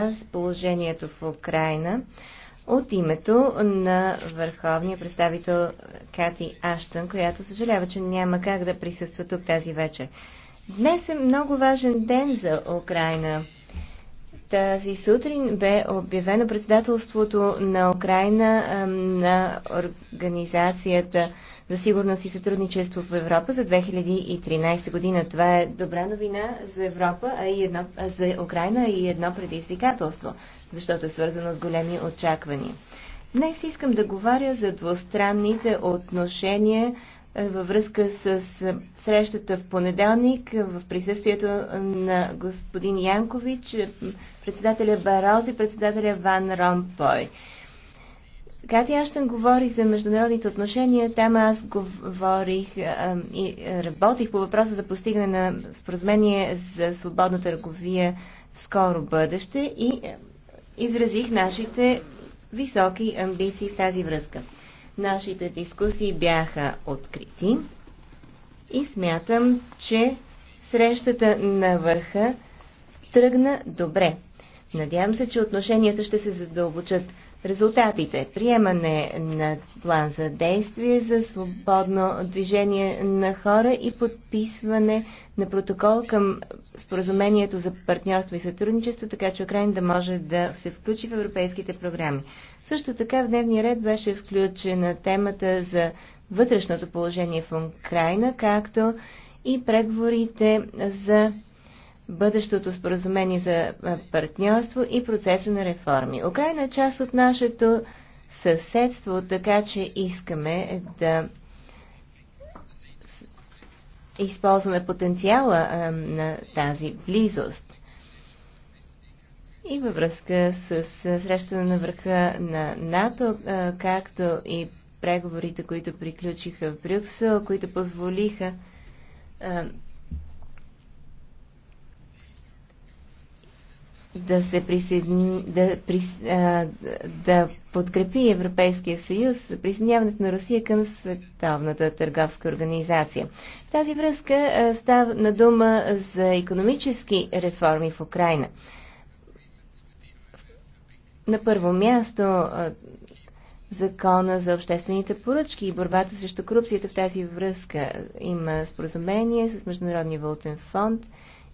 с положението в Украина от името на върховния представител Кати Аштън, която съжалява, че няма как да присъства тук тази вечер. Днес е много важен ден за Украина. Тази сутрин бе обявено председателството на Украина на организацията за сигурност и сътрудничество в Европа за 2013 година. Това е добра новина за Европа, а и едно, за Украина и едно предизвикателство, защото е свързано с големи очаквания. Днес искам да говоря за двустранните отношения е, във връзка с е, срещата в понеделник е, в присъствието на господин Янкович, председателя Барози, и председателя Ван Ромпой. Кати Аштън говори за международните отношения, там аз говорих а, и работих по въпроса за постигане на споразумение за свободна търговия в скоро бъдеще и изразих нашите високи амбиции в тази връзка. Нашите дискусии бяха открити и смятам, че срещата на върха тръгна добре. Надявам се, че отношенията ще се задълбочат. Резултатите. Приемане на план за действие за свободно движение на хора и подписване на протокол към споразумението за партньорство и сътрудничество, така че Украина да може да се включи в европейските програми. Също така в дневния ред беше включена темата за вътрешното положение в Украина, както и преговорите за бъдещото споразумение за партньорство и процеса на реформи. Украина е част от нашето съседство, така че искаме да използваме потенциала на тази близост. И във връзка с, срещане на върха на НАТО, както и преговорите, които приключиха в Брюксел, които позволиха да се присъедини, да, прис, а, да подкрепи Европейския съюз за присъединяването на Русия към Световната търговска организация. В тази връзка а, става на дума за економически реформи в Украина. На първо място а, закона за обществените поръчки и борбата срещу корупцията в тази връзка. Има споразумение с Международния валутен фонд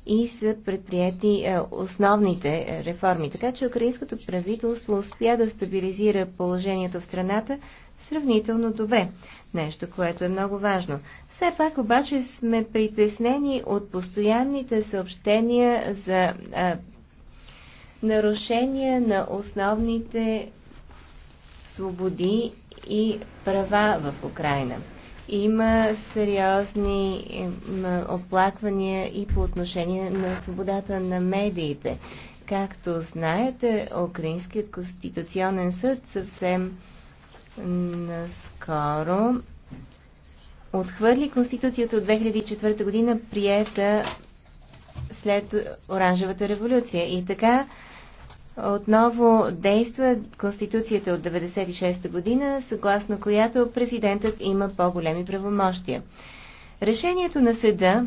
и са предприяти е, основните е, реформи. Така че украинското правителство успя да стабилизира положението в страната сравнително добре. Нещо, което е много важно. Все пак обаче сме притеснени от постоянните съобщения за а, е, нарушения на основните свободи и права в Украина. Има сериозни оплаквания и по отношение на свободата на медиите. Както знаете, Украинският конституционен съд съвсем наскоро отхвърли Конституцията от 2004 година, приета след Оранжевата революция. И така отново действа Конституцията от 1996 година, съгласно която президентът има по-големи правомощия. Решението на съда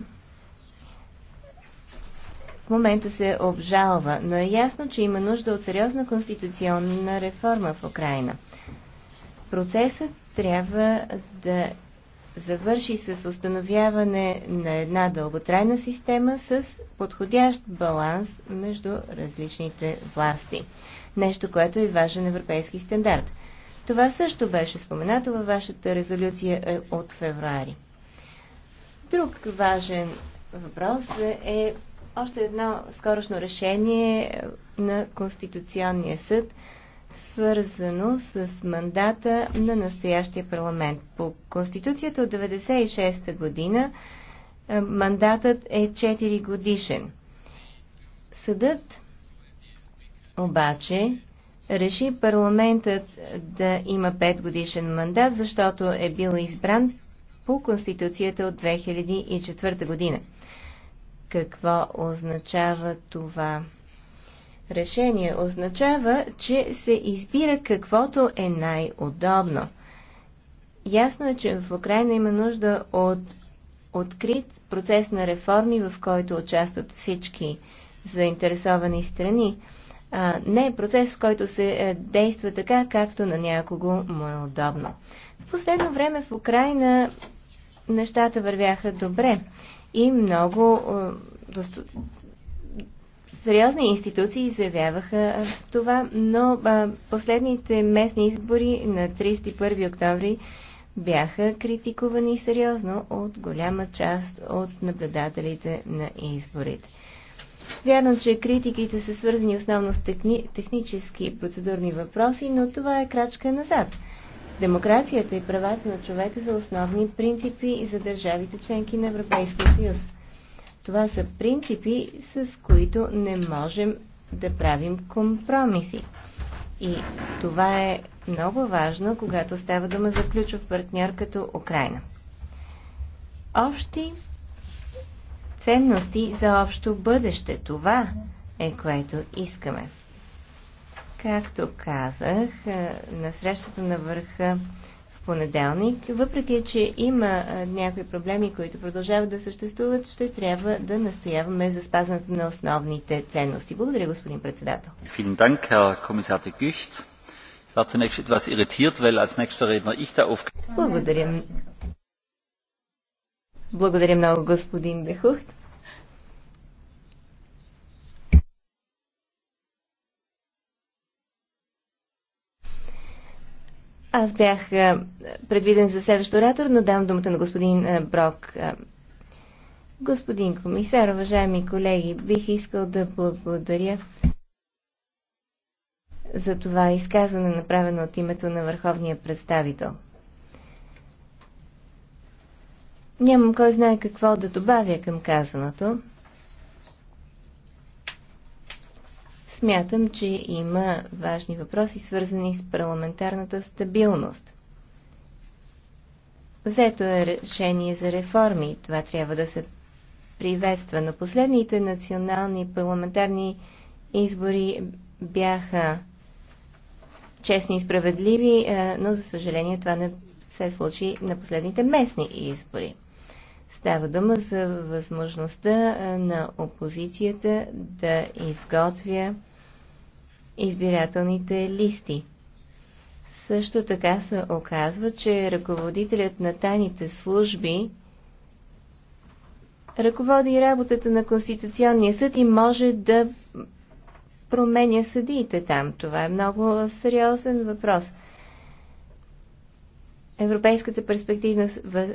в момента се обжалва, но е ясно, че има нужда от сериозна конституционна реформа в Украина. Процесът трябва да завърши с установяване на една дълготрайна система с подходящ баланс между различните власти. Нещо, което е важен европейски стандарт. Това също беше споменато във вашата резолюция е, от февруари. Друг важен въпрос е още едно скорошно решение на Конституционния съд свързано с мандата на настоящия парламент. По Конституцията от 1996 година мандатът е 4 годишен. Съдът обаче реши парламентът да има 5 годишен мандат, защото е бил избран по Конституцията от 2004 година. Какво означава това? решение. Означава, че се избира каквото е най-удобно. Ясно е, че в Украина има нужда от открит процес на реформи, в който участват всички заинтересовани страни. А, не е процес, в който се е, действа така, както на някого му е удобно. В последно време в Украина нещата вървяха добре и много е, Сериозни институции заявяваха това, но последните местни избори на 31 октомври бяха критикувани сериозно от голяма част от наблюдателите на изборите. Вярно, че критиките са свързани основно с техни... технически и процедурни въпроси, но това е крачка назад. Демокрацията и правата на човека са основни принципи за държавите членки на Европейския съюз. Това са принципи, с които не можем да правим компромиси. И това е много важно, когато става дума за ключов партньор като Украина. Общи ценности за общо бъдеще. Това е което искаме. Както казах, на срещата на върха понеделник. Въпреки, че има някои проблеми, които продължават да съществуват, ще трябва да настояваме за спазването на основните ценности. Благодаря, господин председател. Благодаря. Благодаря много, господин Бехухт. Аз бях предвиден за следващ оратор, но дам думата на господин Брок. Господин комисар, уважаеми колеги, бих искал да благодаря за това изказване, направено от името на върховния представител. Нямам кой знае какво да добавя към казаното. Смятам, че има важни въпроси, свързани с парламентарната стабилност. Взето е решение за реформи. Това трябва да се приветства. Но последните национални парламентарни избори бяха честни и справедливи, е, но за съжаление това не се случи на последните местни избори. Става дума за възможността е, на опозицията да изготвя избирателните листи. Също така се оказва, че ръководителят на тайните служби ръководи работата на Конституционния съд и може да променя съдиите там. Това е много сериозен въпрос. Европейската перспектива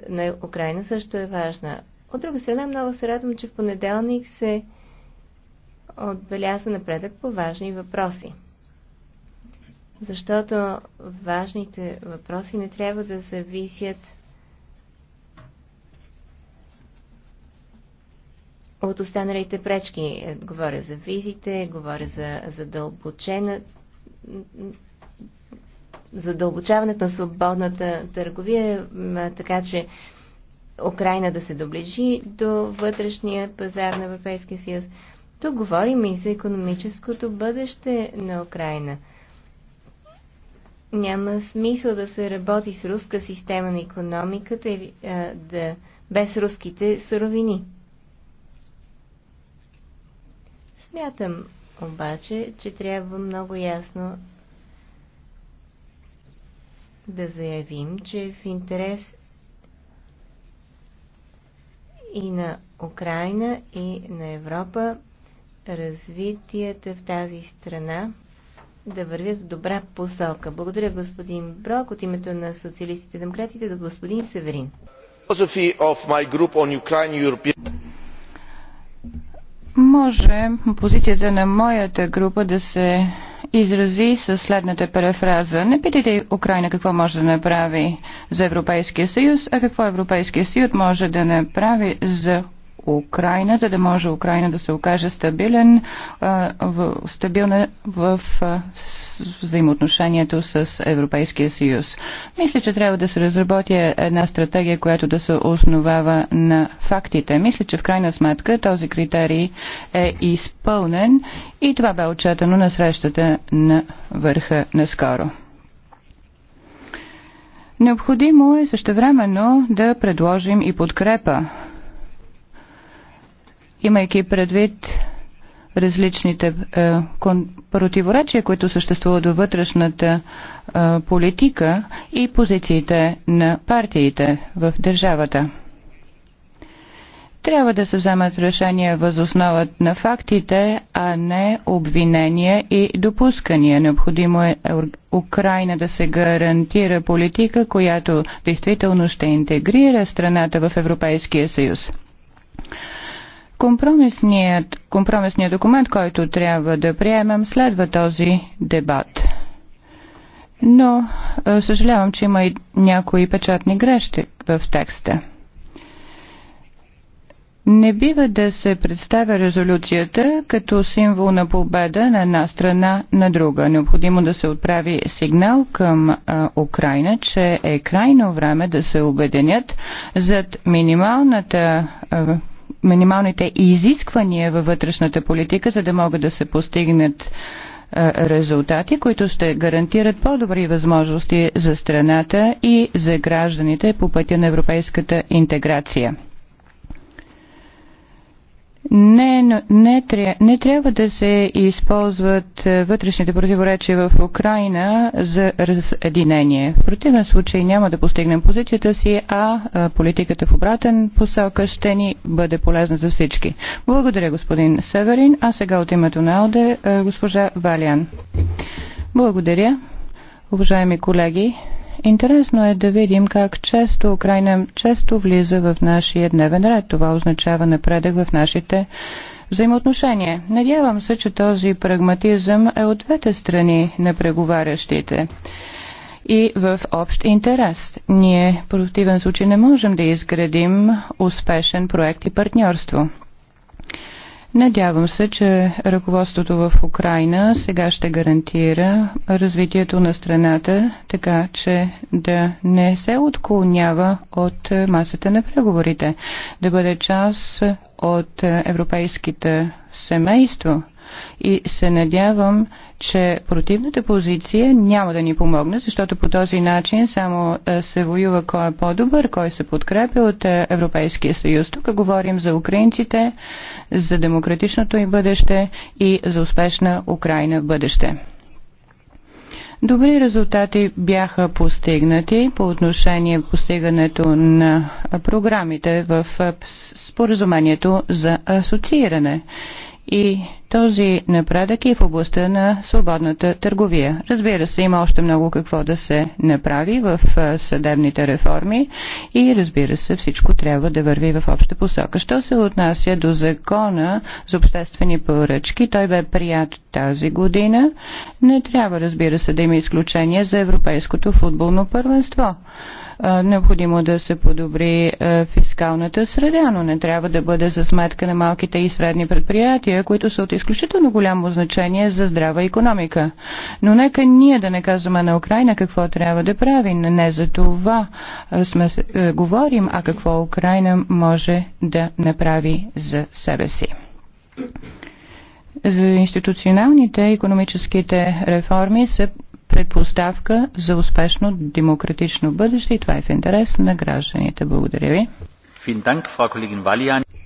на Украина също е важна. От друга страна, много се радвам, че в понеделник се отбеляза напредък по важни въпроси. Защото важните въпроси не трябва да зависят от останалите пречки. Говоря за визите, говоря за задълбочена задълбочаването на свободната търговия, така че Украина да се доближи до вътрешния пазар на Европейския съюз. Тук говорим и за економическото бъдеще на Украина. Няма смисъл да се работи с руска система на економиката или а, да, без руските суровини. Смятам обаче, че трябва много ясно да заявим, че в интерес и на Украина, и на Европа развитията в тази страна да вървят в добра посока. Благодаря господин Брок от името на социалистите и демократите до господин Северин. Може позицията на моята група да се изрази с следната перефраза. Не питайте Украина какво може да направи за Европейския съюз, а какво Европейския съюз може да направи за Украина, за да може Украина да се окаже стабилен, стабилна в взаимоотношението с Европейския съюз. Мисля, че трябва да се разработи една стратегия, която да се основава на фактите. Мисля, че в крайна сметка този критерий е изпълнен и това бе отчетено на срещата на върха наскоро. Необходимо е същевременно да предложим и подкрепа имайки предвид различните е, кон, противоречия, които съществуват във вътрешната е, политика и позициите на партиите в държавата. Трябва да се вземат решения възосноват на фактите, а не обвинения и допускания. Необходимо е Украина да се гарантира политика, която действително ще интегрира страната в Европейския съюз. Компромисният, компромисният документ, който трябва да приемем, следва този дебат. Но е, съжалявам, че има и някои печатни грешки в текста. Не бива да се представя резолюцията като символ на победа на една страна на друга. Необходимо да се отправи сигнал към а, е, Украина, че е крайно време да се обединят зад минималната а, е, минималните изисквания във вътрешната политика, за да могат да се постигнат е, резултати, които ще гарантират по-добри възможности за страната и за гражданите по пътя на европейската интеграция. Не, не, тря, не трябва да се използват е, вътрешните противоречия в Украина за разединение. В противен случай няма да постигнем позицията си, а е, политиката в обратен посока ще ни бъде полезна за всички. Благодаря, господин Северин. А сега от името на Алде, е, госпожа Валиан. Благодаря. Уважаеми колеги, Интересно е да видим как често Украина често влиза в нашия дневен ред. Това означава напредък в нашите взаимоотношения. Надявам се, че този прагматизъм е от двете страни на преговарящите и в общ интерес. Ние в противен случай не можем да изградим успешен проект и партньорство. Надявам се, че ръководството в Украина сега ще гарантира развитието на страната, така че да не се отклонява от масата на преговорите, да бъде част от европейските семейство – и се надявам, че противната позиция няма да ни помогне, защото по този начин само е, се воюва кой е по-добър, кой се подкрепя от е, Европейския съюз. Тук говорим за украинците, за демократичното им бъдеще и за успешна Украина бъдеще. Добри резултати бяха постигнати по отношение постигането на програмите в е, споразумението за асоцииране. И този напредък е в областта на свободната търговия. Разбира се, има още много какво да се направи в съдебните реформи и разбира се, всичко трябва да върви в обща посока. Що се отнася до закона за обществени поръчки, той бе прият тази година. Не трябва, разбира се, да има изключение за Европейското футболно първенство. Необходимо да се подобри фискалната среда, но не трябва да бъде за сметка на малките и средни предприятия, които са от изключително голямо значение за здрава економика. Но нека ние да не казваме на Украина какво трябва да прави. Не за това сме, говорим, а какво Украина може да направи за себе си институционалните економическите реформи са предпоставка за успешно демократично бъдеще и това е в интерес на гражданите. Благодаря ви.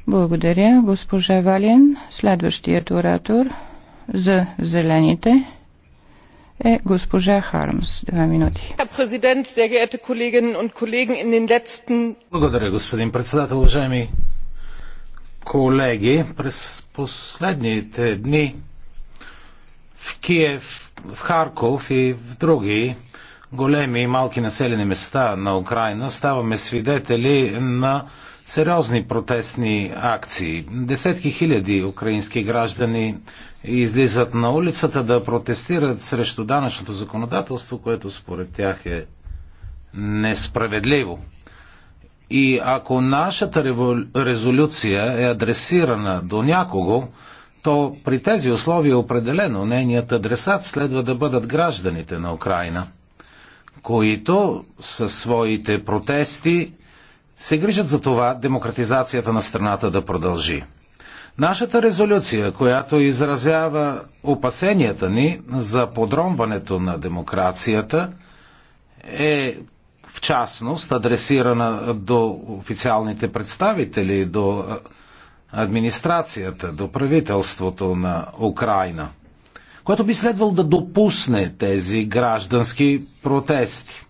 Благодаря, госпожа Валиен. Следващият оратор за зелените е госпожа Хармс. Два минути. Благодаря, господин председател. Уважаеми колеги, през последните дни в Киев, в Харков и в други големи и малки населени места на Украина ставаме свидетели на сериозни протестни акции. Десетки хиляди украински граждани излизат на улицата да протестират срещу данъчното законодателство, което според тях е несправедливо. И ако нашата резолюция е адресирана до някого, то при тези условия определено нейният адресат следва да бъдат гражданите на Украина, които със своите протести се грижат за това демократизацията на страната да продължи. Нашата резолюция, която изразява опасенията ни за подромването на демокрацията, е в частност адресирана до официалните представители, до администрацията, до правителството на Украина, което би следвало да допусне тези граждански протести.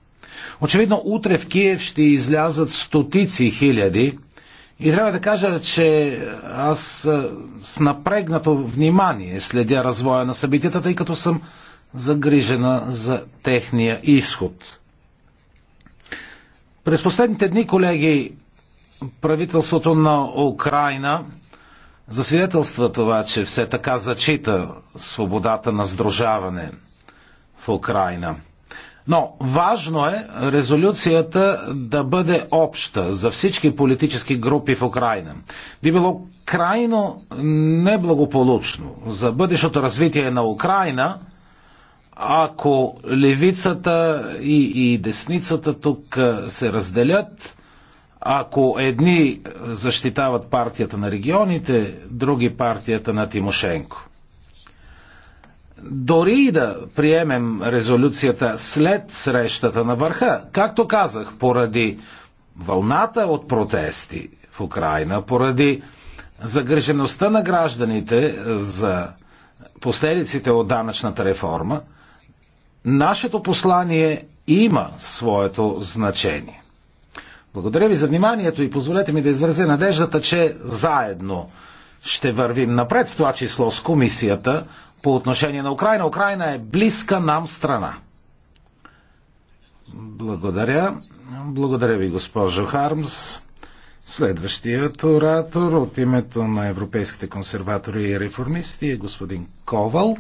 Очевидно, утре в Киев ще излязат стотици хиляди и трябва да кажа, че аз с напрегнато внимание следя развоя на събитията, тъй като съм загрижена за техния изход. През последните дни, колеги, правителството на Украина засвидетелства това, че все така зачита свободата на сдружаване в Украина. Но важно е резолюцията да бъде обща за всички политически групи в Украина. Би било крайно неблагополучно за бъдещото развитие на Украина, ако левицата и, и десницата тук се разделят ако едни е, защитават партията на регионите, други партията на Тимошенко. Дори и да приемем резолюцията след срещата на върха, както казах, поради вълната от протести в Украина, поради загрежеността на гражданите за последиците от данъчната реформа, нашето послание има своето значение. Благодаря ви за вниманието и позволете ми да изразя надеждата, че заедно ще вървим напред, в това число с комисията по отношение на Украина. Украина е близка нам страна. Благодаря. Благодаря ви, госпожо Хармс. Следващият оратор от името на европейските консерватори и реформисти е господин Ковал.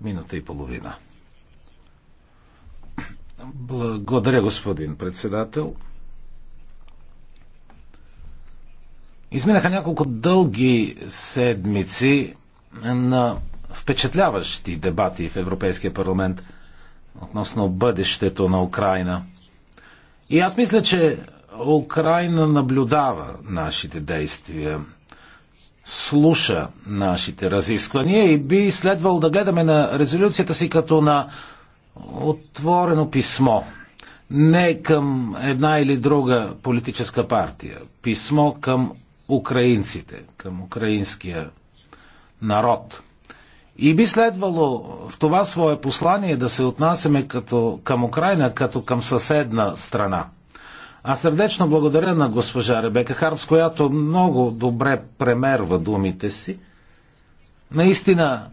Минута и половина. Благодаря, господин председател. Изминаха няколко дълги седмици на впечатляващи дебати в Европейския парламент относно бъдещето на Украина. И аз мисля, че Украина наблюдава нашите действия, слуша нашите разисквания и би следвало да гледаме на резолюцията си като на отворено писмо. Не към една или друга политическа партия. Писмо към украинците, към украинския народ. И би следвало в това свое послание да се отнасяме като, към Украина като към съседна страна. А сърдечно благодаря на госпожа Ребека Харпс, която много добре премерва думите си. Наистина,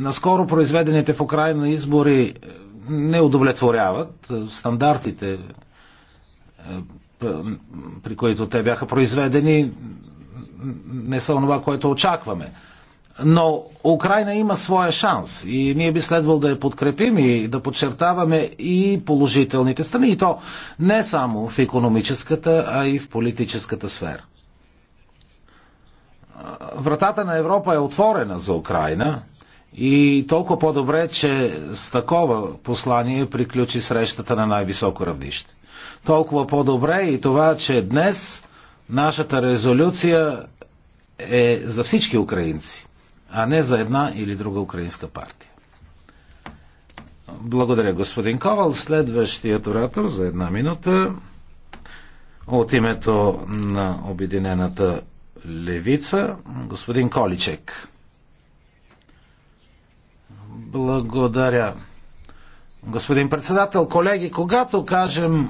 наскоро произведените в Украина избори е, не удовлетворяват е, стандартите, е, при които те бяха произведени, не са онова, което очакваме. Но Украина има своя шанс и ние би следвало да я подкрепим и да подчертаваме и положителните страни, и то не само в економическата, а и в политическата сфера. Вратата на Европа е отворена за Украина и толкова по-добре, че с такова послание приключи срещата на най-високо равнище. Толкова по-добре и това, че днес Нашата резолюция е за всички украинци, а не за една или друга украинска партия. Благодаря, господин Ковал. Следващият оратор за една минута от името на Обединената левица, господин Количек. Благодаря. Господин председател, колеги, когато кажем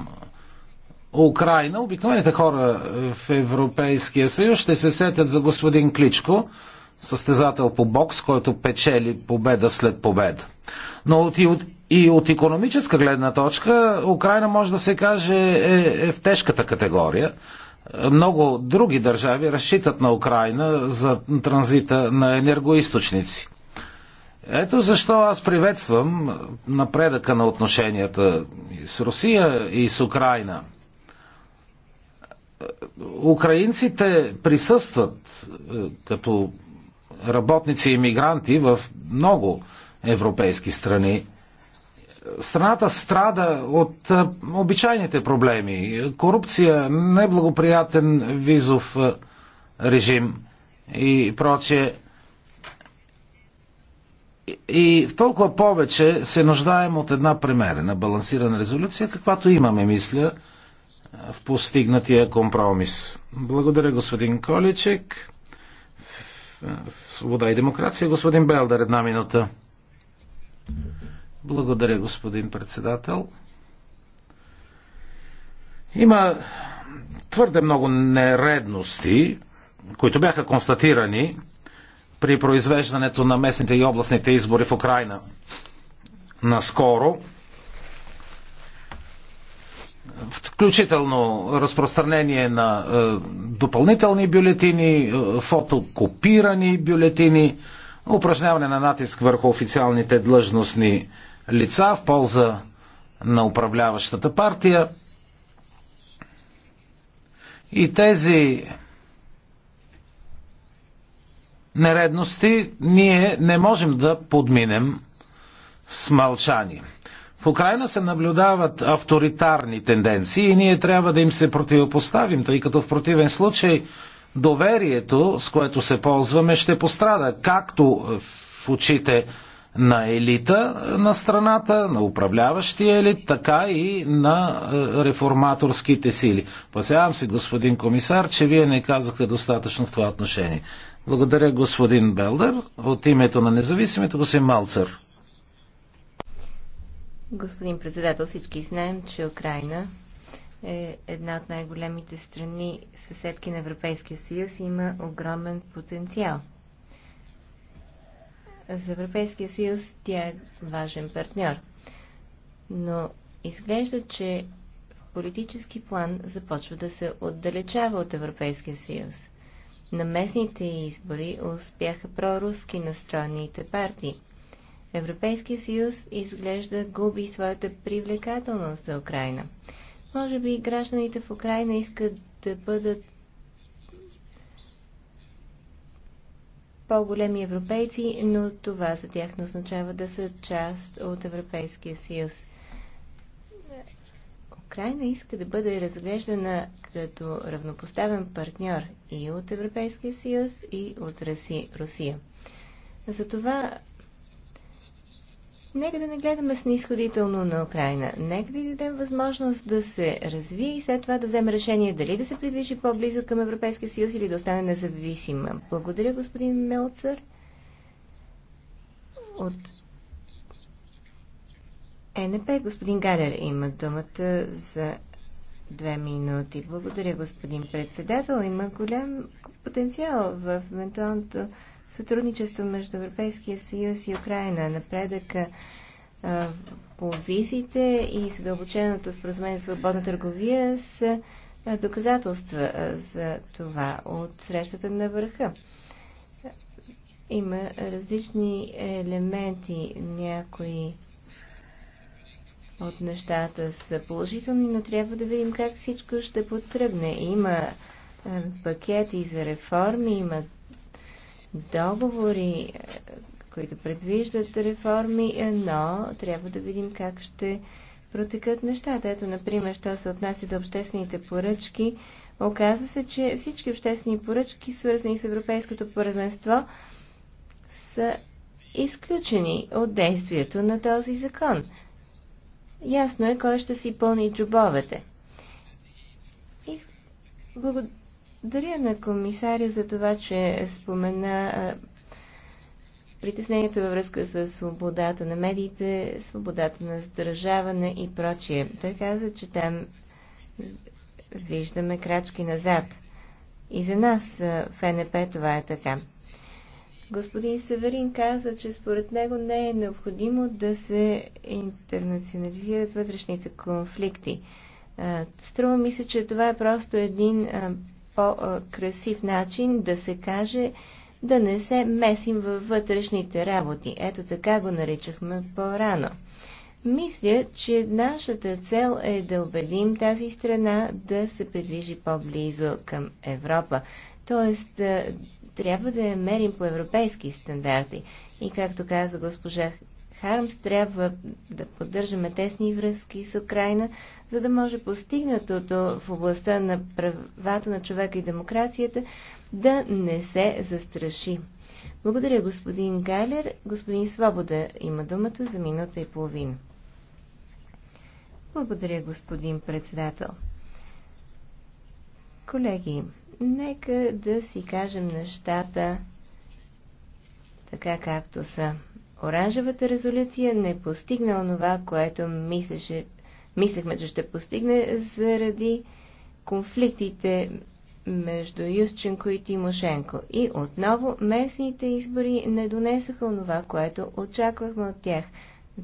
Украина, обикновените хора е, в Европейския съюз ще се сетят за господин Кличко, състезател по бокс, който печели победа след победа. Но от, и, от, и от економическа гледна точка Украина може да се каже е, е в тежката категория. Много други държави разчитат на Украина за транзита на енергоисточници. Ето защо аз приветствам напредъка на отношенията и с Русия и с Украина – украинците присъстват е, като работници и мигранти в много европейски страни. Страната страда от е, обичайните проблеми. Корупция, неблагоприятен визов е, режим и прочее. И в толкова повече се нуждаем от една премерена, балансирана резолюция, каквато имаме, мисля, в постигнатия компромис. Благодаря, господин Количек. В Свобода и демокрация, господин Белдер, една минута. Благодаря, господин председател. Има твърде много нередности, които бяха констатирани при произвеждането на местните и областните избори в Украина. Наскоро включително разпространение на е, допълнителни бюлетини, е, фотокопирани бюлетини, упражняване на натиск върху официалните длъжностни лица в полза на управляващата партия. И тези нередности ние не можем да подминем с мълчание. Украина се наблюдават авторитарни тенденции и ние трябва да им се противопоставим, тъй като в противен случай доверието, с което се ползваме, ще пострада както в очите на елита на страната, на управляващия елит, така и на е, реформаторските сили. Пасявам се, господин комисар, че вие не казахте достатъчно в това отношение. Благодаря, господин Белдер. От името на независимите, господин Малцер. Господин председател, всички знаем, че Украина е една от най-големите страни съседки на Европейския съюз и има огромен потенциал. За Европейския съюз тя е важен партньор. Но изглежда, че в политически план започва да се отдалечава от Европейския съюз. На местните избори успяха проруски настроените партии. Европейския съюз изглежда губи своята привлекателност за Украина. Може би гражданите в Украина искат да бъдат по-големи европейци, но това за тях не означава да са част от Европейския съюз. Украина иска да бъде разглеждана като равнопоставен партньор и от Европейския съюз, и от Руси, Русия. Затова Нека да не гледаме снисходително на Украина. Нека да дадем възможност да се развие и след това да вземе решение дали да се придвижи по-близо към Европейския съюз или да остане независима. Благодаря, господин Мелцър. От ЕНП господин Гадер има думата за две минути. Благодаря, господин председател. Има голям потенциал в евентуалното сътрудничество между Европейския съюз и Украина, напредъка а, по визите и задълбоченото споразумение за свободна търговия са доказателства за това от срещата на върха. Има различни елементи, някои от нещата са положителни, но трябва да видим как всичко ще потръгне. Има пакети за реформи, има договори, е, които предвиждат реформи, е, но трябва да видим как ще протекат нещата. Ето, например, що се отнася до обществените поръчки, оказва се, че всички обществени поръчки, свързани с европейското първенство, са изключени от действието на този закон. Ясно е кой ще си пълни джобовете. Благодаря на комисаря за това, че спомена притесненията във връзка с свободата на медиите, свободата на задържаване и прочие. Той каза, че там виждаме крачки назад. И за нас в НП това е така. Господин Северин каза, че според него не е необходимо да се интернационализират вътрешните конфликти. Струва ми се, че това е просто един по-красив начин да се каже да не се месим във вътрешните работи. Ето така го наричахме по-рано. Мисля, че нашата цел е да убедим тази страна да се приближи по-близо към Европа. Тоест, е, трябва да я мерим по европейски стандарти. И както каза госпожа Хармс, трябва да поддържаме тесни връзки с Украина, за да може постигнатото в областта на правата на човека и демокрацията да не се застраши. Благодаря, господин Гайлер. Господин Свобода има думата за минута и половина. Благодаря, господин председател. Колеги, нека да си кажем нещата така както са оранжевата резолюция не постигна онова, което мислеше, мислехме, че ще постигне заради конфликтите между Юсченко и Тимошенко. И отново местните избори не донесоха онова, което очаквахме от тях,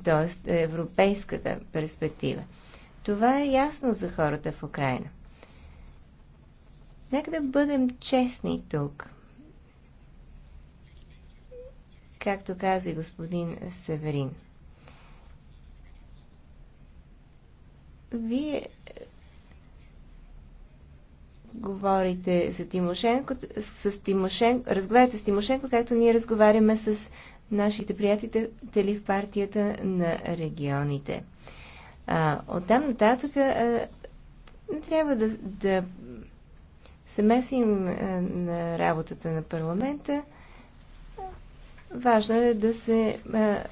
т.е. европейската перспектива. Това е ясно за хората в Украина. Нека да бъдем честни тук. както каза и господин Северин. Вие говорите за Тимошенко, с Тимошенко, разговаряте с Тимошенко, както ние разговаряме с нашите приятели в партията на регионите. А, оттам нататък а, не трябва да, да се месим а, на работата на парламента. Важно е да се е,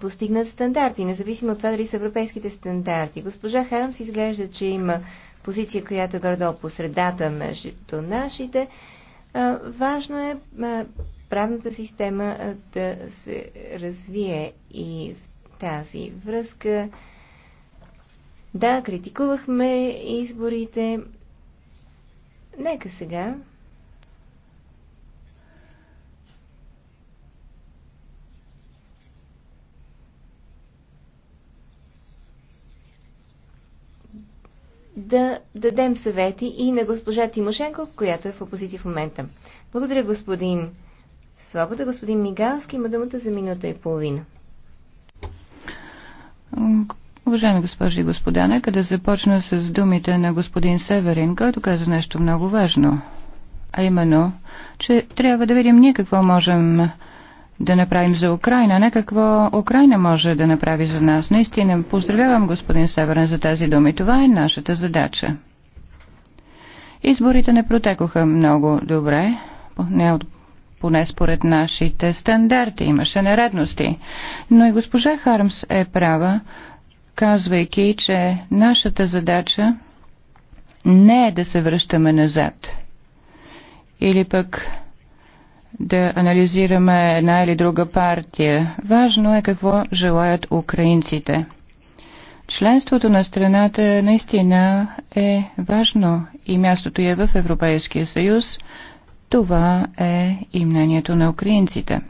постигнат стандарти, независимо от това дали са европейските стандарти. Госпожа Хармс изглежда, че има позиция, която е гордо по средата между нашите. Е, важно е, е правната система да се развие и в тази връзка. Да, критикувахме изборите. Нека сега да дадем съвети и на госпожа Тимошенко, която е в опозиция в момента. Благодаря, господин Свобода. Господин Мигански, има думата за минута и половина. Уважаеми госпожи и господа, нека да започна с думите на господин Северин, който каза нещо много важно, а именно, че трябва да видим ние какво можем да направим за Украина, не какво Украина може да направи за нас. Наистина, поздравявам господин Северен за тези думи. Това е нашата задача. Изборите не протекоха много добре, не от поне според нашите стандарти. Имаше нередности. Но и госпожа Хармс е права, казвайки, че нашата задача не е да се връщаме назад. Или пък да анализираме една или друга партия. Важно е какво желаят украинците. Членството на страната наистина е важно и мястото е в Европейския съюз. Това е и мнението на украинците.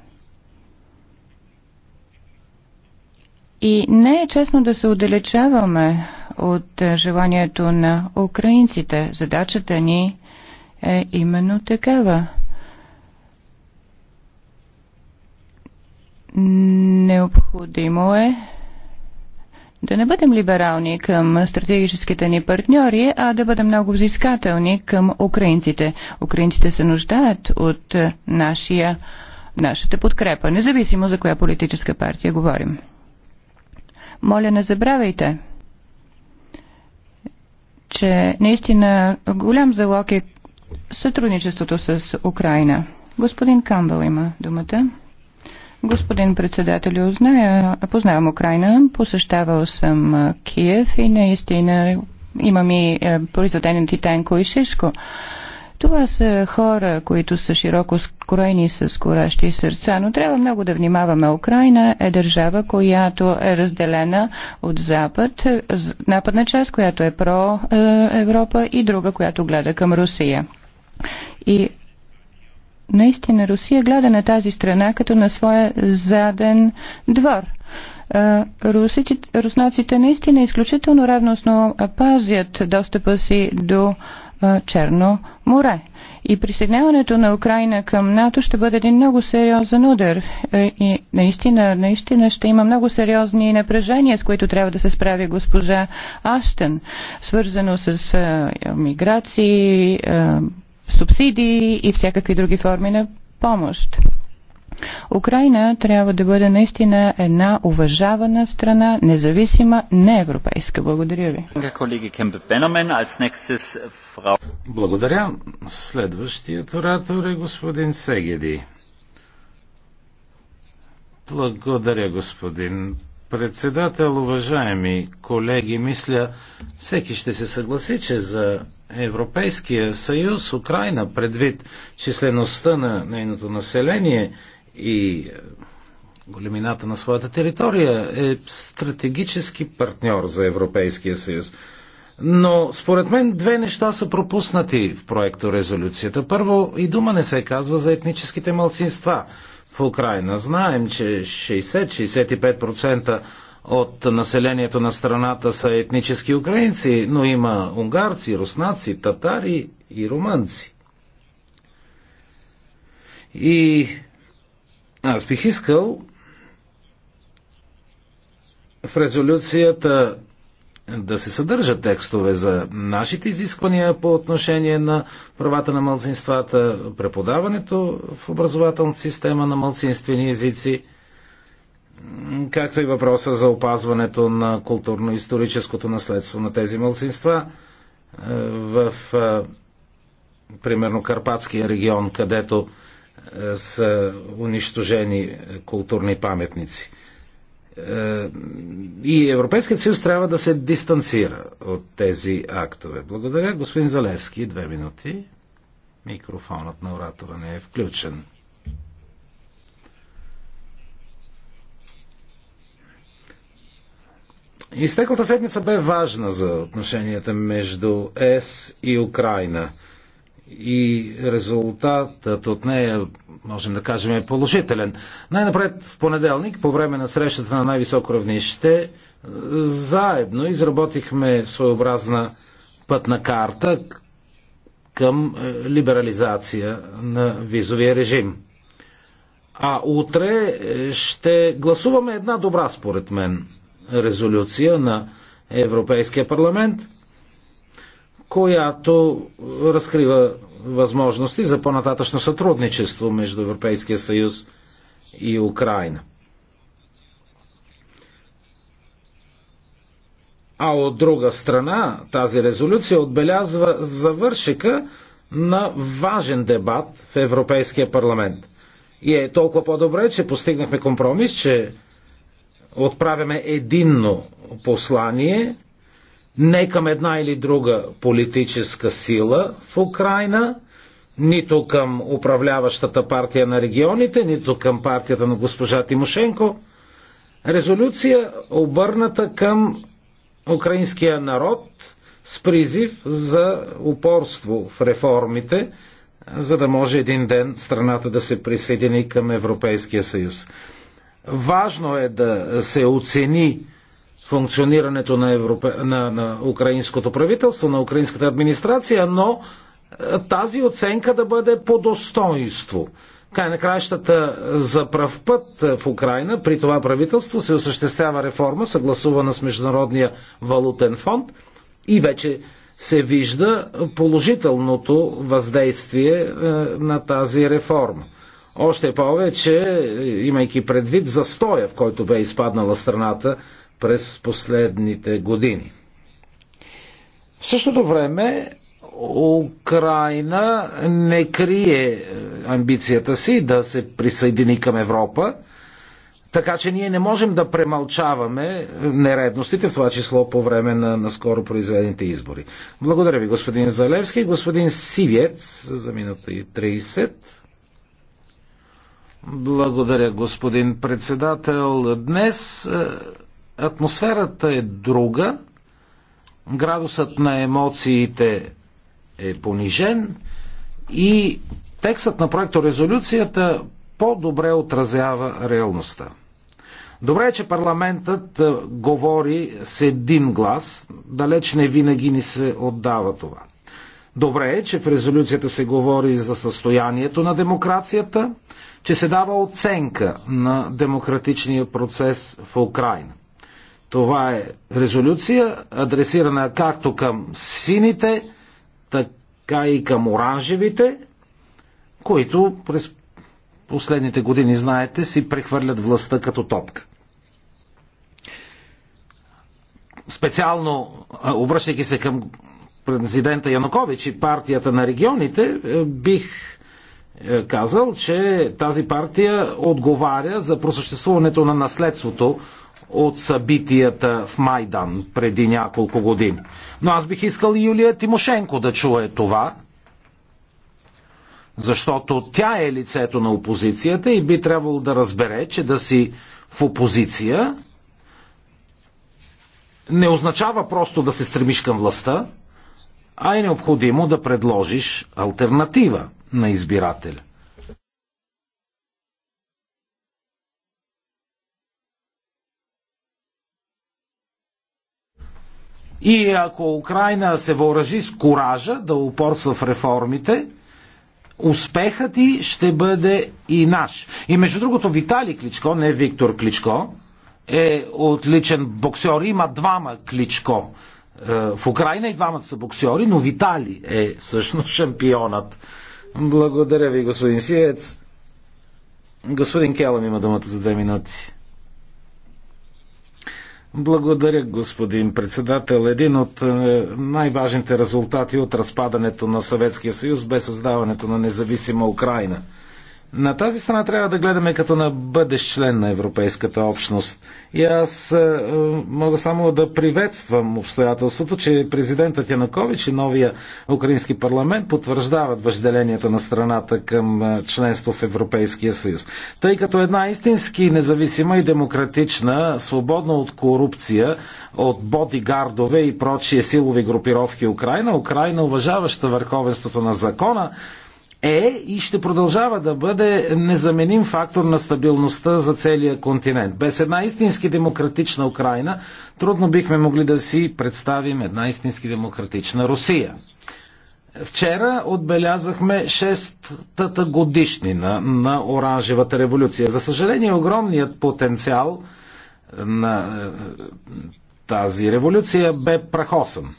И не е честно да се отдалечаваме от желанието на украинците. Задачата ни е именно такава Необходимо е да не бъдем либерални към стратегическите ни партньори, а да бъдем много взискателни към украинците. Украинците се нуждаят от е, нашия, нашата подкрепа, независимо за коя политическа партия говорим. Моля, не забравяйте, че наистина голям залог е сътрудничеството с Украина. Господин Камбел, има думата. Господин председател, зная, познавам Украина, посещавал съм Киев и наистина имам и е, произведените танко и Шишко. Това са хора, които са широко скроени с горещи сърца, но трябва много да внимаваме. Украина е държава, която е разделена от Запад, нападна част, която е про е, Европа и друга, която гледа към Русия. И наистина Русия гледа на тази страна като на своя заден двор. руснаците наистина изключително ревностно пазят достъпа си до Черно море. И присъединяването на Украина към НАТО ще бъде един много сериозен удар. И наистина, наистина ще има много сериозни напрежения, с които трябва да се справи госпожа Аштен, свързано с миграции, субсидии и всякакви други форми на помощ. Украина трябва да бъде наистина една уважавана страна, независима, не европейска. Благодаря ви. Благодаря. Следващият оратор е господин Сегеди. Благодаря, господин председател, уважаеми колеги, мисля, всеки ще се съгласи, че за Европейския съюз, Украина, предвид числеността на нейното население и е, големината на своята територия, е стратегически партньор за Европейския съюз. Но според мен две неща са пропуснати в проекто резолюцията. Първо, и дума не се казва за етническите малцинства – в Украина. Знаем, че 60-65% от населението на страната са етнически украинци, но има унгарци, руснаци, татари и румънци. И аз бих искал в резолюцията да се съдържат текстове за нашите изисквания по отношение на правата на мълцинствата, преподаването в образователната система на мълцинствени езици, както и въпроса за опазването на културно-историческото наследство на тези мълцинства е, в е, примерно Карпатския регион, където е, са унищожени културни паметници. Е, и Европейският съюз трябва да се дистанцира от тези актове. Благодаря, господин Залевски. Две минути. Микрофонът на оратора не е включен. Изтеклата седмица бе важна за отношенията между ЕС и Украина и резултатът от нея, можем да кажем, е положителен. Най-напред в понеделник, по време на срещата на най-високо равнище, е, заедно изработихме своеобразна пътна карта към е, либерализация на визовия режим. А утре е, ще гласуваме една добра, според мен, резолюция на Европейския парламент – която е, разкрива възможности за по-нататъчно сътрудничество между Европейския съюз и Украина. А от друга страна, тази резолюция отбелязва завършика на важен дебат в Европейския парламент. И е толкова по-добре, че постигнахме компромис, че отправяме единно послание – не към една или друга политическа сила в Украина, нито към управляващата партия на регионите, нито към партията на госпожа Тимошенко. Резолюция обърната към украинския народ с призив за упорство в реформите, за да може един ден страната да се присъедини към Европейския съюз. Важно е да се оцени функционирането на, Европе... на, на украинското правителство, на украинската администрация, но е, тази оценка да бъде по достоинство. Край на краищата е, за прав път е, в Украина при това правителство се осъществява реформа, съгласувана с Международния валутен фонд и вече се вижда положителното въздействие на тази реформа. Още повече, имайки предвид застоя, в който бе изпаднала страната през последните години. В същото време Украина не крие е, амбицията си да се присъедини към Европа, така че ние не можем да премълчаваме е, нередностите, в това число по време на, на скоро произведените избори. Благодаря ви, господин Залевски. Господин Сивец, за минута и 30. Благодаря, господин председател. Днес е, атмосферата е друга, градусът на емоциите е понижен и текстът на проекто резолюцията по-добре отразява реалността. Добре е, че парламентът е, говори с един глас, далеч не винаги ни се отдава това. Добре е, че в резолюцията се говори за състоянието на демокрацията, че се дава оценка на демократичния процес в Украина. Това е резолюция, адресирана както към сините, така и към оранжевите, които през последните години, знаете, си прехвърлят властта като топка. Специално, обръщайки се към президента Янукович и партията на регионите, е, бих е, казал, че тази партия отговаря за просъществуването на наследството от събитията в Майдан преди няколко години. Но аз бих искал и Юлия Тимошенко да чуе това, защото тя е лицето на опозицията и би трябвало да разбере, че да си в опозиция не означава просто да се стремиш към властта, а е необходимо да предложиш альтернатива на избирателя. И ако Украина се въоръжи с коража да упорства в реформите, успехът ти ще бъде и наш. И между другото, Виталий Кличко, не Виктор Кличко, е отличен боксер. Има двама Кличко е, в Украина и двамата са боксери, но Витали е всъщност шампионът. Благодаря ви, господин Сиец. Господин Келъм има думата за две минути. Благодаря, господин председател. Един от е, най-важните резултати от разпадането на Съветския съюз бе създаването на независима Украина – на тази страна трябва да гледаме като на бъдещ член на Европейската общност. И аз е, е, мога само да приветствам обстоятелството, че президентът Янакович и новия украински парламент потвърждават въжделенията на страната към е, членство в Европейския съюз. Тъй като една истински независима и демократична, свободна от корупция, от бодигардове и прочие силови групировки Украина, Украина, уважаваща върховенството на закона, е и ще продължава да бъде незаменим фактор на стабилността за целия континент. Без една истински демократична Украина трудно бихме могли да си представим една истински демократична Русия. Вчера отбелязахме 6-тата годишнина на Оранжевата революция. За съжаление, огромният потенциал на е, тази революция бе прахосан.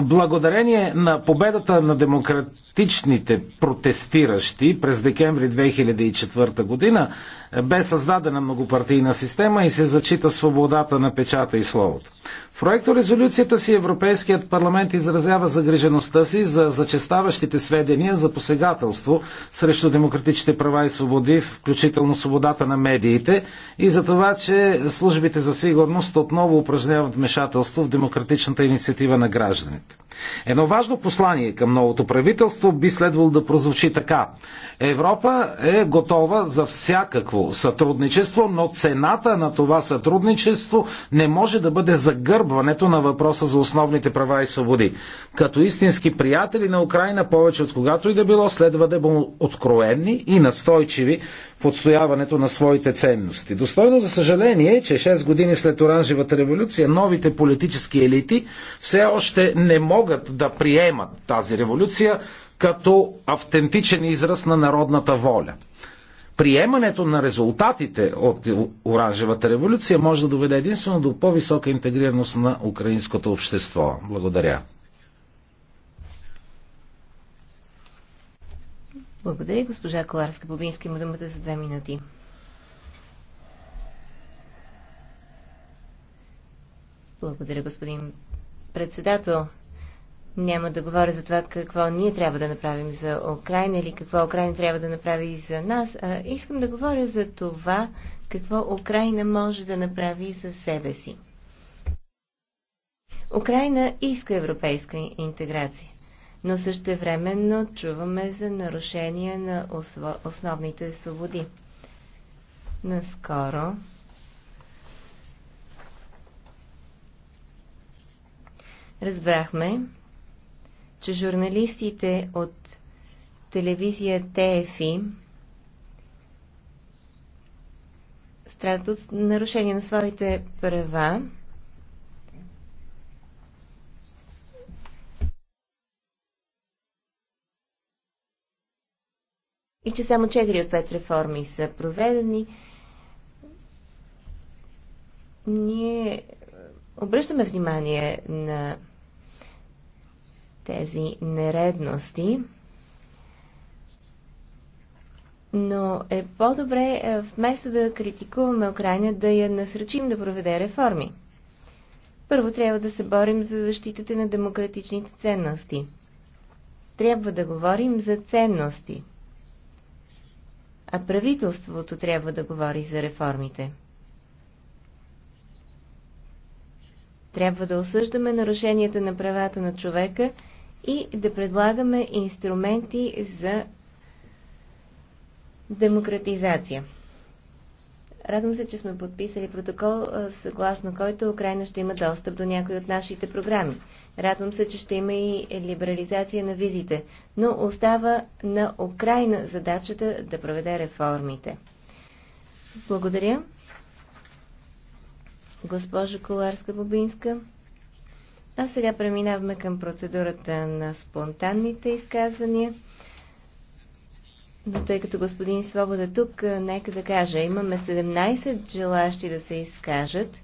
Благодарение на победата на демократ демократичните протестиращи през декември 2004 година е, бе създадена многопартийна система и се зачита свободата на печата и словото. В проекто резолюцията си Европейският парламент изразява загрижеността си за зачеставащите сведения за посегателство срещу демократичните права и свободи, включително свободата на медиите и за това, че службите за сигурност отново упражняват вмешателство в демократичната инициатива на гражданите. Едно важно послание към новото правителство правителство би следвало да прозвучи така. Европа е готова за всякакво сътрудничество, но цената на това сътрудничество не може да бъде загърбването на въпроса за основните права и свободи. Като истински приятели на Украина повече от когато и да било, следва да бъдем откровенни и настойчиви Подстояването на своите ценности. Достойно за съжаление е, че 6 години след Оранжевата революция новите политически елити все още не могат да приемат тази революция като автентичен израз на народната воля. Приемането на резултатите от Оранжевата революция може да доведе единствено до по-висока интегрираност на украинското общество. Благодаря. Благодаря, госпожа Коларска Бобинска. Има думата за две минути. Благодаря, господин председател. Няма да говоря за това какво ние трябва да направим за Украина или какво Украина трябва да направи и за нас. А, искам да говоря за това какво Украина може да направи за себе си. Украина иска европейска интеграция но същевременно чуваме за нарушение на основните свободи. Наскоро разбрахме, че журналистите от телевизия ТЕФИ страдат от нарушение на своите права и че само 4 от 5 реформи са проведени, ние обръщаме внимание на тези нередности, но е по-добре е, вместо да критикуваме Украина да я насръчим да проведе реформи. Първо трябва да се борим за защитата на демократичните ценности. Трябва да говорим за ценности – а правителството трябва да говори за реформите. Трябва да осъждаме нарушенията на правата на човека и да предлагаме инструменти за демократизация. Радвам се, че сме подписали протокол, съгласно който Украина ще има достъп до някои от нашите програми. Радвам се, че ще има и либерализация на визите, но остава на Украина задачата да проведе реформите. Благодаря. Госпожа Коларска-Бобинска. А сега преминаваме към процедурата на спонтанните изказвания но тъй като господин Свобода е тук, нека да кажа, имаме 17 желащи да се изкажат.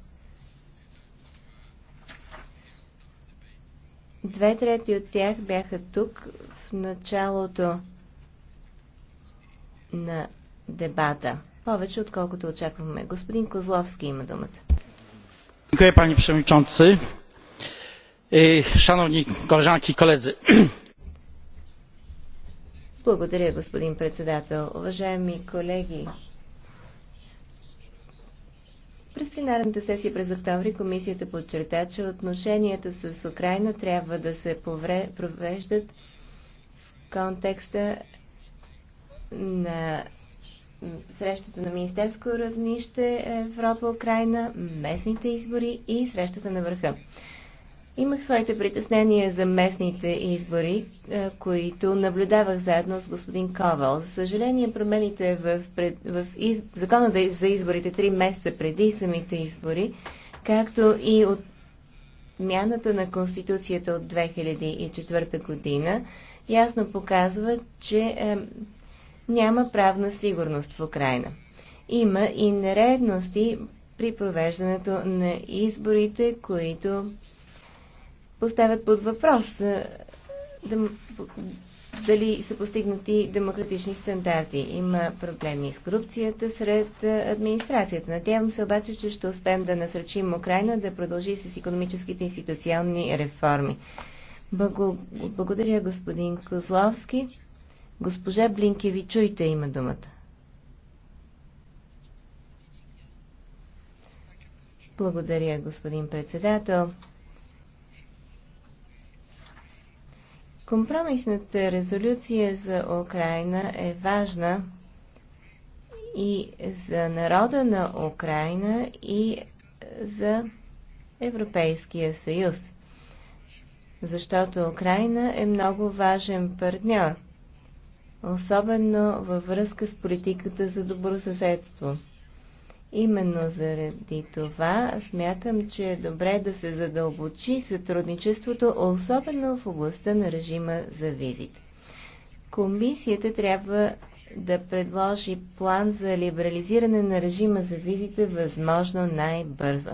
Две трети от тях бяха тук в началото на дебата. Повече отколкото очакваме. Господин Козловски има думата. Dziękuję пани przewodniczący. Szanowni koleżanki i благодаря, господин председател. Уважаеми колеги, през пленарната сесия през октомври комисията подчерта, че отношенията с Украина трябва да се провеждат в контекста на срещата на Министерско равнище Европа-Украина, местните избори и срещата на върха. Имах своите притеснения за местните избори, е, които наблюдавах заедно с господин Ковал. За съжаление, промените в, пред, в из, закона за изборите три месеца преди самите избори, както и от мяната на Конституцията от 2004 година, ясно показва, че е, няма правна сигурност в Украина. Има и нередности при провеждането на изборите, които поставят под въпрос дали са постигнати демократични стандарти. Има проблеми с корупцията сред администрацията. Надявам се обаче, че ще успеем да насръчим Украина да продължи с економическите институционални реформи. Благодаря, господин Козловски. Госпожа Блинкеви, чуйте, има думата. Благодаря, господин председател. Компромисната резолюция за Украина е важна и за народа на Украина и за Европейския съюз, защото Украина е много важен партньор, особено във връзка с политиката за добро съседство. Именно заради това смятам, че е добре да се задълбочи сътрудничеството, особено в областта на режима за визите. Комисията трябва да предложи план за либерализиране на режима за визите възможно най-бързо.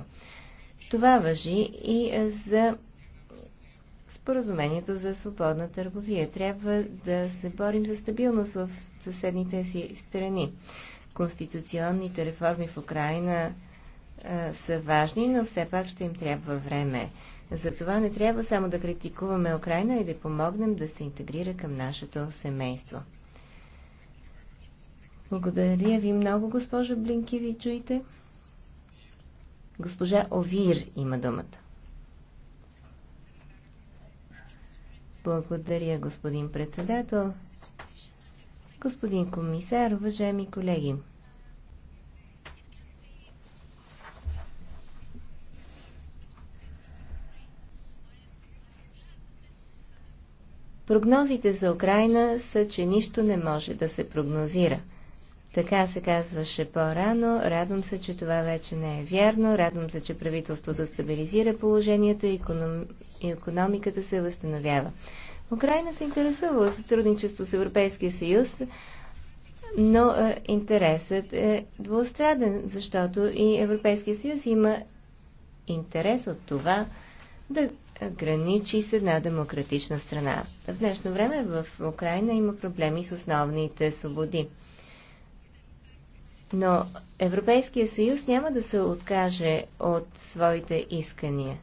Това въжи и за споразумението за свободна търговия. Трябва да се борим за стабилност в съседните си страни конституционните реформи в Украина а, са важни, но все пак ще им трябва време. Затова не трябва само да критикуваме Украина и да помогнем да се интегрира към нашето семейство. Благодаря ви много, госпожа ви Чуете? Госпожа Овир има думата. Благодаря, господин председател господин комисар, уважаеми колеги. Прогнозите за Украина са, че нищо не може да се прогнозира. Така се казваше по-рано. Радвам се, че това вече не е вярно. Радвам се, че правителството да стабилизира положението и економиката се възстановява. Украина се интересува от сътрудничество с Европейския съюз, но е, интересът е двустраден, защото и Европейския съюз има интерес от това да граничи с една демократична страна. В днешно време в Украина има проблеми с основните свободи. Но Европейския съюз няма да се откаже от своите искания.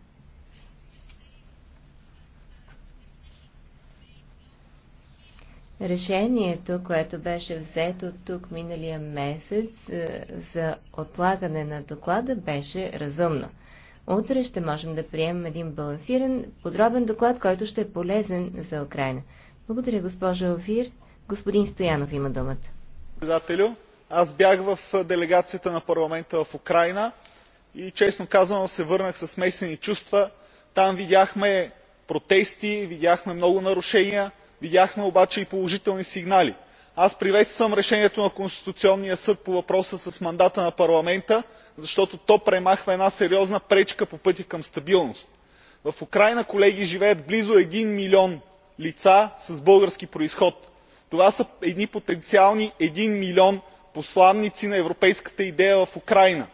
Решението, което беше взето тук миналия месец е, за отлагане на доклада, беше разумно. Утре ще можем да приемем един балансиран, подробен доклад, който ще е полезен за Украина. Благодаря, госпожа Офир. Господин Стоянов има думата. Председателю, аз бях в делегацията на парламента в Украина и честно казано се върнах с смесени чувства. Там видяхме протести, видяхме много нарушения, видяхме обаче и положителни сигнали. аз приветствам решението на конституционния съд по въпроса с мандата на парламента защото то премахва една сериозна пречка по пътя към стабилност. в украйна колеги живеят близо един милион лица с български произход. това са едни потенциални един милион посланици на европейската идея в украйна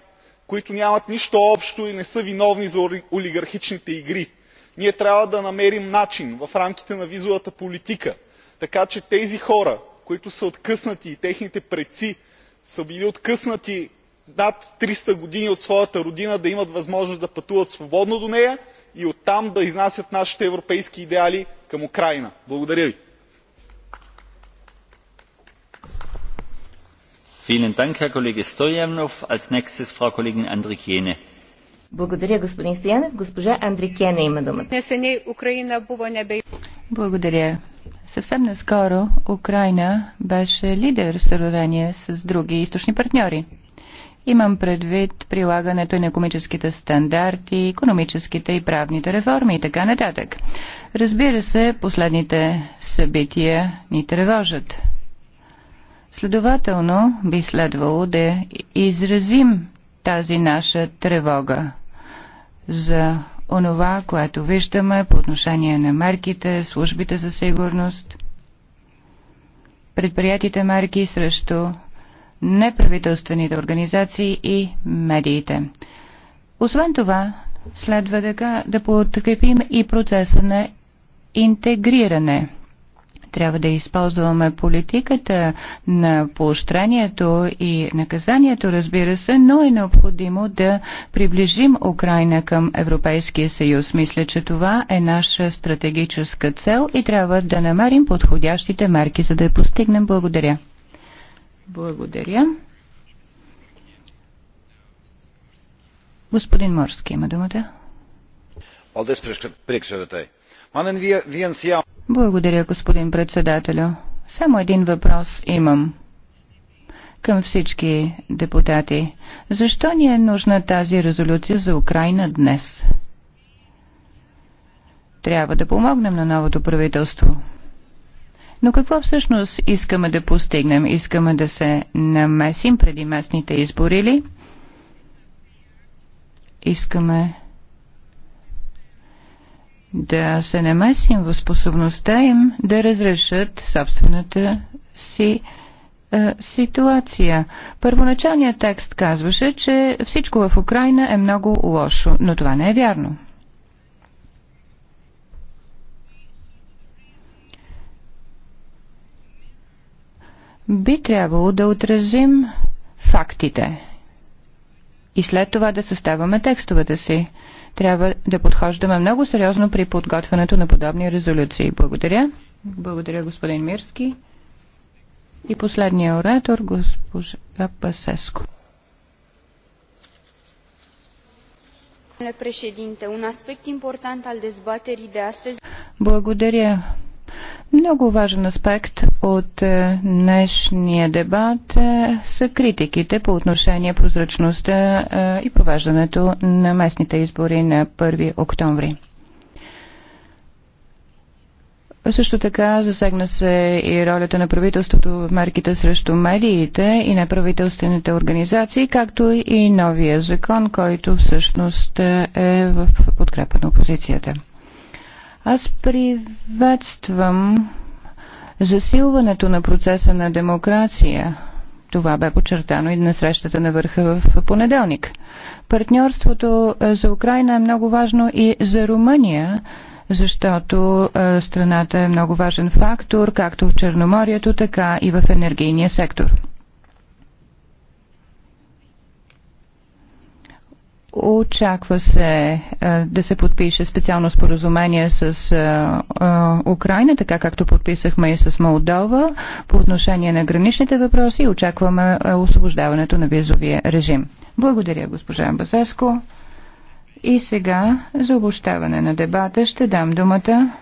които нямат нищо общо и не са виновни за олигархичните игри ние трябва да намерим начин в рамките на визовата политика така че тези хора които са откъснати и техните предци са били откъснати над триста години от своята родина да имат възможност да пътуват свободно до нея и оттам да изнасят нашите европейски идеали към украйна. благодаря ви. Благодаря, господин Стоянов. Госпожа Кена има думата. Благодаря. Съвсем наскоро Украина беше лидер в сравнение с други източни партньори. Имам предвид прилагането и на економическите стандарти, економическите и правните реформи и така нататък. Разбира се, последните събития ни тревожат. Следователно би следвало да изразим тази наша тревога за онова, което виждаме по отношение на мерките, службите за сигурност, предприятите мерки срещу неправителствените организации и медиите. Освен това, следва да, да подкрепим и процеса на интегриране – трябва да използваме политиката на поощрението и наказанието, разбира се, но е необходимо да приближим Украина към Европейския съюз. Мисля, че това е наша стратегическа цел и трябва да намерим подходящите мерки, за да я постигнем. Благодаря. Благодаря. Господин Морски има думата. Алдес благодаря, господин председателю. Само един въпрос имам към всички депутати. Защо ни е нужна тази резолюция за Украина днес? Трябва да помогнем на новото правителство. Но какво всъщност искаме да постигнем? Искаме да се намесим преди местните избори ли? Искаме да се намесим в способността им да разрешат собствената си е, ситуация. Първоначалният текст казваше, че всичко в Украина е много лошо, но това не е вярно. Би трябвало да отразим фактите и след това да съставаме текстовете си. Трябва да подхождаме много сериозно при подготвянето на подобни резолюции. Благодаря. Благодаря, господин Мирски. И последния оратор, госпожа Пасеско. un aspect important al dezbaterii de astăzi. Благодаря, много важен аспект от е, днешния дебат е, са критиките по отношение прозрачността е, и провеждането на местните избори на 1 октомври. Също така засегна се и ролята на правителството в мерките срещу медиите и неправителствените организации, както и новия закон, който всъщност е в подкрепа на опозицията. Аз приветствам засилването на процеса на демокрация. Това бе подчертано и на срещата на върха в понеделник. Партньорството е, за Украина е много важно и за Румъния, защото е, страната е много важен фактор, както в Черноморието, така и в енергийния сектор. Очаква се а, е, да се подпише специално споразумение с а, е, а, е, Украина, така както подписахме и с Молдова по отношение на граничните въпроси и очакваме освобождаването на визовия режим. Благодаря, госпожа Базеско. И сега за обощаване на дебата ще дам думата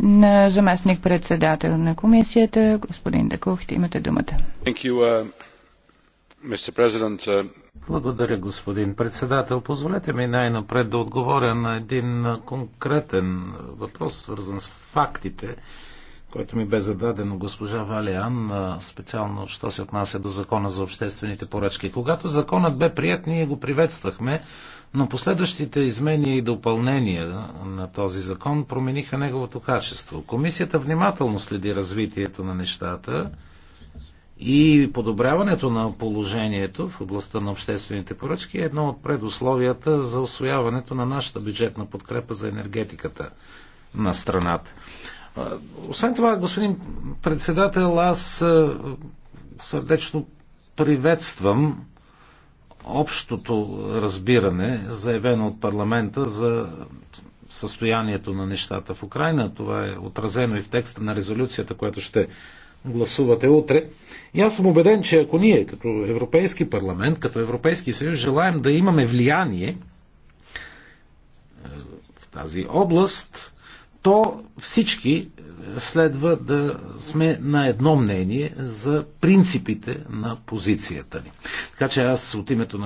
на заместник председател на комисията, господин Декухт. Имате думата. Thank you, uh, Mr. President. Uh... Благодаря, господин председател. Позволете ми най-напред да отговоря на един конкретен въпрос, свързан с фактите, който ми бе зададен от госпожа Валиан, специално, що се отнася до закона за обществените поръчки. Когато законът бе прият, ние го приветствахме, но последващите изменения и допълнения на този закон промениха неговото качество. Комисията внимателно следи развитието на нещата, и подобряването на положението в областта на обществените поръчки е едно от предусловията за освояването на нашата бюджетна подкрепа за енергетиката на страната. Освен това, господин председател, аз сърдечно приветствам общото разбиране, заявено от парламента за състоянието на нещата в Украина. Това е отразено и в текста на резолюцията, която ще гласувате утре. И аз съм убеден, че ако ние като Европейски парламент, като Европейски съюз желаем да имаме влияние е, в тази област, то всички е, следва да сме на едно мнение за принципите на позицията ни. Така че аз от името на